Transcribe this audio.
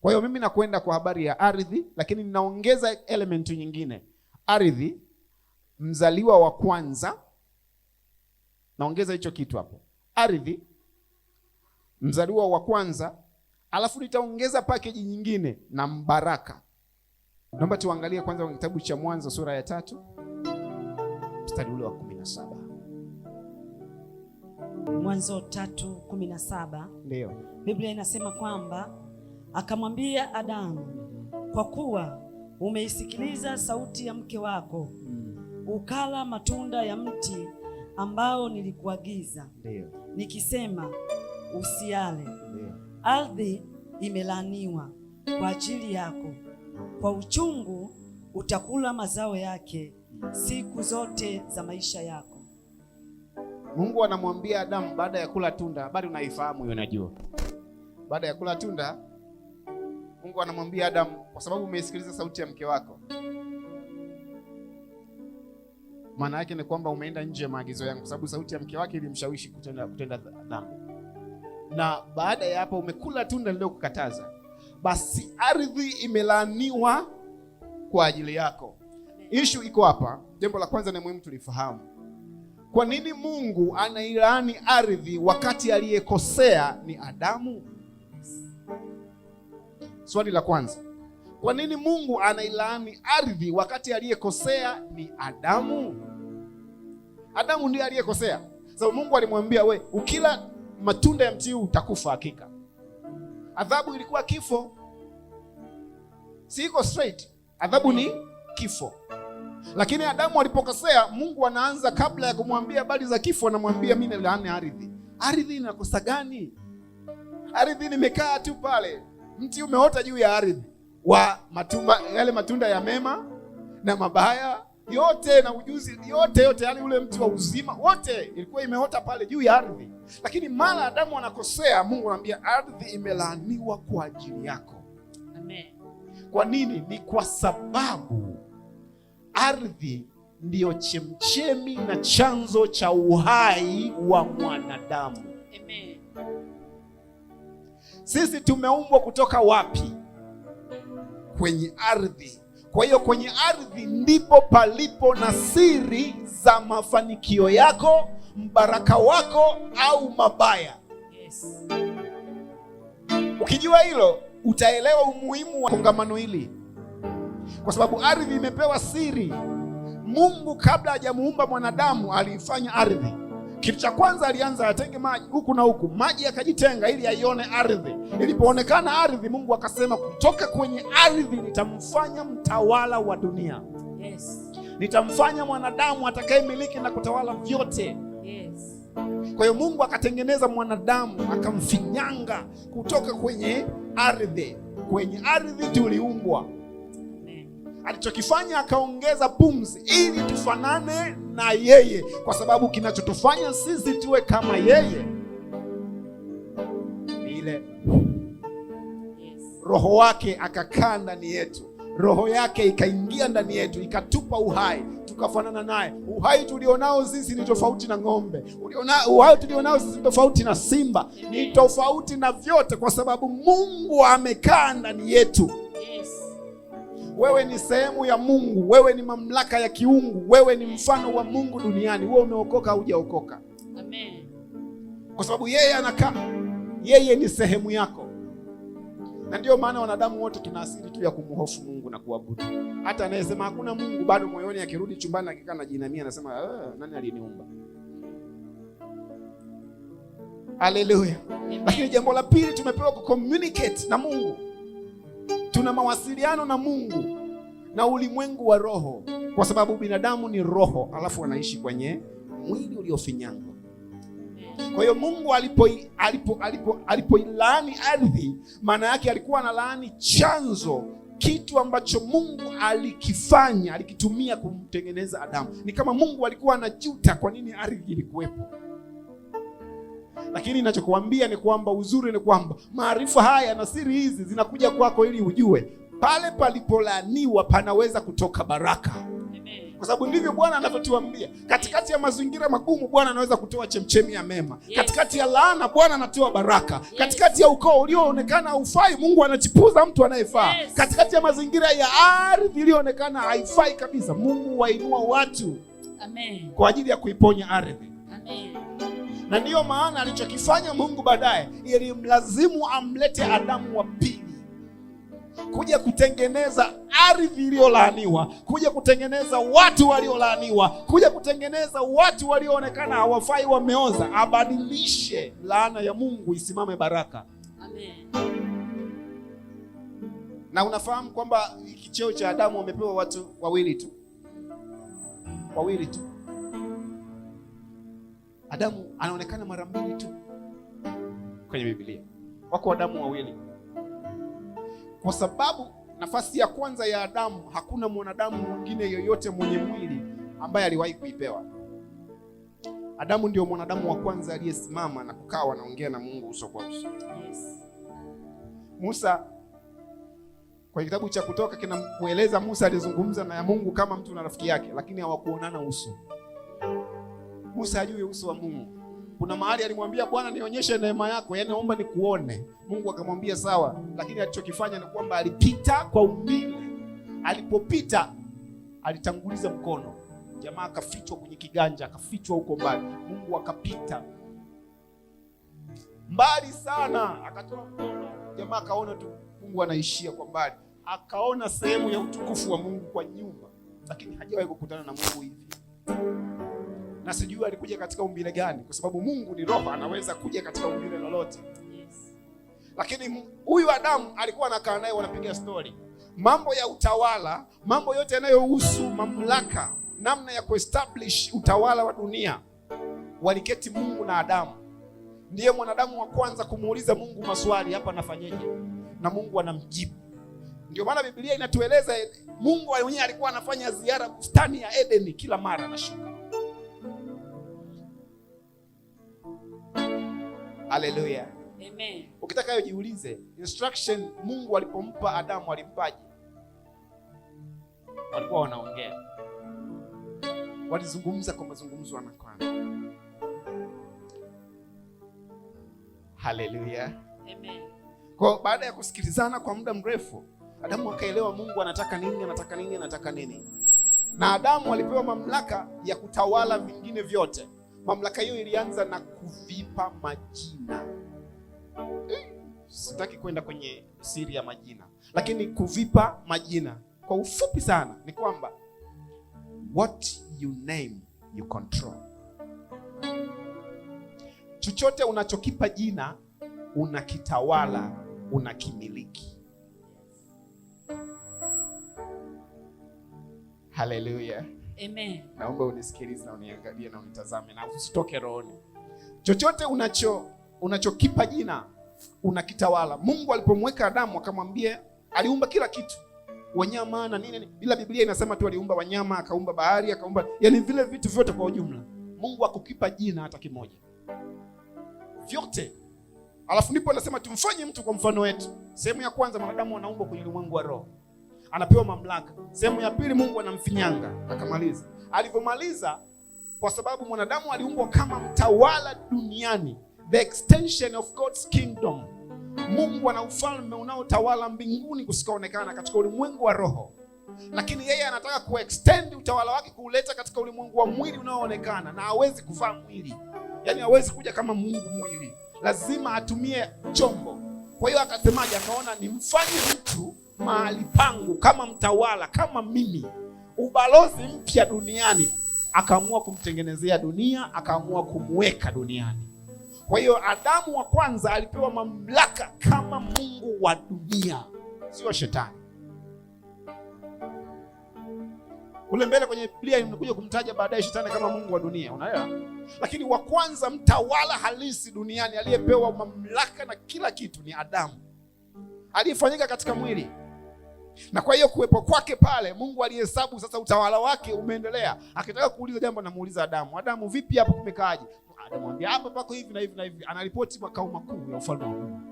Kwa hiyo mimi nakwenda kwa habari ya ardhi, lakini ninaongeza elementi nyingine, ardhi, mzaliwa wa kwanza. Naongeza hicho kitu hapo, ardhi, mzaliwa wa kwanza, alafu nitaongeza package nyingine na mbaraka. Naomba tuangalie kwanza kwenye kitabu cha Mwanzo sura ya tatu mstari ule wa 17. Mwanzo 3:17. Ndio. Biblia inasema kwamba akamwambia Adamu, kwa kuwa umeisikiliza sauti ya mke wako mm. ukala matunda ya mti ambao nilikuagiza Ndio. nikisema usiale, ardhi imelaniwa kwa ajili yako, kwa uchungu utakula mazao yake siku zote za maisha yako. Mungu anamwambia Adamu baada ya kula tunda, habari unaifahamu hiyo, najua. Baada ya kula tunda, Mungu anamwambia Adamu, kwa sababu umeisikiliza sauti ya mke wako, maana yake ni kwamba umeenda nje ya maagizo yangu, kwa sababu sauti ya mke wake ilimshawishi kutenda kutenda dhambi. Na baada ya hapo umekula tunda lililokukataza, basi ardhi imelaaniwa kwa ajili yako. Ishu iko hapa. Jambo la kwanza na muhimu tulifahamu, kwa nini Mungu anailaani ardhi wakati aliyekosea ni Adamu? Swali la kwanza, kwa nini Mungu anailaani ardhi wakati aliyekosea ni Adamu? Adamu ndiye aliyekosea, sababu Mungu alimwambia we, ukila matunda ya mti huu utakufa hakika. Adhabu ilikuwa kifo, si iko straight? Adhabu ni kifo. Lakini Adamu alipokosea, Mungu anaanza kabla ya kumwambia habari za kifo, anamwambia mimi nalaani ardhi. Ardhi inakosa gani? Ardhi nimekaa tu pale, mti umeota juu ya ardhi wa matuma, yale matunda ya mema na mabaya yote na ujuzi yote yote, yani ule mti wa uzima wote ilikuwa imeota pale juu ya ardhi. Lakini mara Adamu anakosea, Mungu anamwambia ardhi imelaaniwa kwa ajili yako. Amen. Kwa nini? Ni kwa sababu ardhi ndiyo chemchemi na chanzo cha uhai wa mwanadamu. Amen. Sisi tumeumbwa kutoka wapi? Kwenye ardhi. Kwa hiyo kwenye ardhi ndipo palipo na siri za mafanikio yako, mbaraka wako au mabaya. Yes. Ukijua hilo utaelewa umuhimu wa kongamano hili kwa sababu ardhi imepewa siri. Mungu kabla hajamuumba mwanadamu aliifanya ardhi. Kitu cha kwanza alianza atenge maji huku na huku, maji yakajitenga ili aione ardhi. Ilipoonekana ardhi, Mungu akasema kutoka kwenye ardhi nitamfanya mtawala wa dunia. Yes. Nitamfanya mwanadamu atakayemiliki na kutawala vyote. Yes. Kwa hiyo Mungu akatengeneza mwanadamu akamfinyanga kutoka kwenye ardhi. Kwenye ardhi tuliumbwa alichokifanya akaongeza pumzi ili tufanane na yeye, kwa sababu kinachotufanya sisi tuwe kama yeye ni ile Roho wake akakaa ndani yetu, roho yake ikaingia ndani yetu, ikatupa uhai tukafanana naye. Uhai tulionao sisi ni tofauti na ng'ombe, uhai tulionao sisi ni tofauti na simba, ni tofauti na vyote, kwa sababu Mungu amekaa ndani yetu. Wewe ni sehemu ya Mungu, wewe ni mamlaka ya kiungu, wewe ni mfano wa Mungu duniani. Wewe umeokoka au hujaokoka? Amen. Kwa sababu yeye anakaa, yeye ni sehemu yako, na ndiyo maana wanadamu wote tuna asili tu ya kumhofu Mungu na kuabudu. Hata anayesema hakuna Mungu bado moyoni, akirudi chumbani akikaa anajinamia jinamia, anasema ah, nani aliniumba? Haleluya! Lakini jambo la pili tumepewa ku communicate na Mungu Tuna mawasiliano na Mungu na ulimwengu wa roho, kwa sababu binadamu ni roho, alafu anaishi kwenye mwili uliofinyangwa. Kwa hiyo Mungu alipoilaani alipo, alipo, alipo ardhi, maana yake alikuwa analaani chanzo, kitu ambacho Mungu alikifanya, alikitumia kumtengeneza Adamu. Ni kama Mungu alikuwa anajuta kwa nini ardhi ilikuwepo lakini ninachokuambia ni kwamba uzuri ni kwamba maarifa haya na siri hizi zinakuja kwako ili ujue pale palipolaaniwa panaweza kutoka baraka, kwa sababu ndivyo Bwana anavyotuambia. Katikati ya mazingira magumu, Bwana anaweza kutoa chemchemi ya mema. Katikati ya laana, Bwana anatoa baraka. Katikati ya ukoo ulioonekana haufai, Mungu anachipuza mtu anayefaa. Katikati ya mazingira ya ardhi iliyoonekana haifai kabisa, Mungu wainua watu Amen. kwa ajili ya kuiponya ardhi na ndiyo maana alichokifanya Mungu baadaye ilimlazimu amlete Adamu wa pili kuja kutengeneza ardhi iliyolaaniwa, kuja kutengeneza watu waliolaaniwa, kuja kutengeneza watu walioonekana hawafai, wameoza, abadilishe laana ya Mungu isimame baraka. Amen. Na unafahamu kwamba kicheo cha Adamu wamepewa watu wawili tu, wawili tu Adamu anaonekana mara mbili tu kwenye Biblia, wako Adamu wawili, kwa sababu nafasi ya kwanza ya Adamu hakuna mwanadamu mwingine yoyote mwenye mwili ambaye aliwahi kuipewa. Adamu ndio mwanadamu wa kwanza aliyesimama na kukaa wanaongea na Mungu uso kwa uso. Yes. Musa kwenye kitabu cha Kutoka kinamweleza Musa alizungumza na Mungu kama mtu na rafiki yake, lakini hawakuonana uso. Musa ajui uso wa Mungu. Kuna mahali alimwambia Bwana, nionyeshe neema yako, yaani naomba nikuone. Mungu akamwambia sawa, lakini alichokifanya ni kwamba alipita kwa umbile. Alipopita alitanguliza mkono, jamaa akafichwa kwenye kiganja, akafichwa huko mbali. Mungu akapita mbali sana, akatoa mkono, jamaa akaona tu Mungu anaishia kwa mbali, akaona sehemu ya utukufu wa Mungu kwa nyuma, lakini hajawahi kukutana na Mungu hivi na sijui alikuja katika umbile gani, kwa sababu Mungu ni roho, anaweza kuja katika umbile lolote. Lakini huyu Adamu alikuwa anakaa naye, wanapiga stori, mambo ya utawala, mambo yote yanayohusu mamlaka, namna ya kuestablish utawala wa dunia. Waliketi Mungu na Adamu, ndiye mwanadamu wa kwanza kumuuliza Mungu maswali, hapa nafanyeje, na Mungu anamjibu. Ndio maana Biblia inatueleza Mungu mwenyewe alikuwa anafanya ziara bustani ya Edeni, kila mara anashuka Haleluya. Amen. Ukitaka hiyo jiulize, instruction Mungu alipompa Adamu alimpaje? Walikuwa wanaongea, walizungumza kwa mazungumzo anakwana. Haleluya. Amen. Kwa baada ya kusikilizana kwa muda mrefu, Adamu akaelewa Mungu anataka nini, anataka nini, anataka nini. Na Adamu alipewa mamlaka ya kutawala vingine vyote. Mamlaka hiyo ilianza na kufi kukupa majina. Eh, sitaki kwenda kwenye siri ya majina, lakini kuvipa majina kwa ufupi sana ni kwamba what you name you control. Chochote unachokipa jina unakitawala, unakimiliki. Haleluya, amen. Naomba unisikilize na uniangalie na unitazame na usitoke rohoni. Chochote unacho unachokipa jina unakitawala. Mungu alipomweka Adamu akamwambia, aliumba kila kitu, wanyama na nini, bila Biblia inasema tu aliumba wanyama, akaumba bahari, akaumba yani vile vitu vyote kwa ujumla. Mungu akukipa jina hata kimoja, vyote. Alafu ndipo anasema tumfanye mtu kwa mfano wetu. Sehemu ya kwanza, mwanadamu anaumbwa kwenye ulimwengu wa roho, anapewa mamlaka. Sehemu ya pili, Mungu anamfinyanga, akamaliza. Alivyomaliza kwa sababu mwanadamu aliumbwa kama mtawala duniani, the extension of God's kingdom. Mungu ana ufalme unaotawala mbinguni kusikaonekana katika ulimwengu wa roho, lakini yeye anataka kuextend utawala wake kuuleta katika ulimwengu wa mwili unaoonekana, na hawezi kuvaa mwili, yaani hawezi kuja kama Mungu mwili, lazima atumie chombo. Kwa hiyo akasemaje? Akaona ni mfanye mtu mahali pangu kama mtawala, kama mimi, ubalozi mpya duniani akaamua kumtengenezea dunia, akaamua kumweka duniani. Kwa hiyo Adamu wa kwanza alipewa mamlaka kama mungu wa dunia, sio shetani. Kule mbele kwenye Biblia imekuja kumtaja baadaye shetani kama mungu wa dunia, unaelewa? Lakini wa kwanza mtawala halisi duniani aliyepewa mamlaka na kila kitu ni Adamu, aliyefanyika katika mwili na kwa hiyo kuwepo kwake pale, Mungu alihesabu sasa utawala wake umeendelea. Akitaka kuuliza jambo, anamuuliza Adamu, Adamu, vipi hapo kumekaaje? Adamu anambia hapa pako hivi na hivi na hivi, anaripoti makao makuu ya ufalme wa Mungu.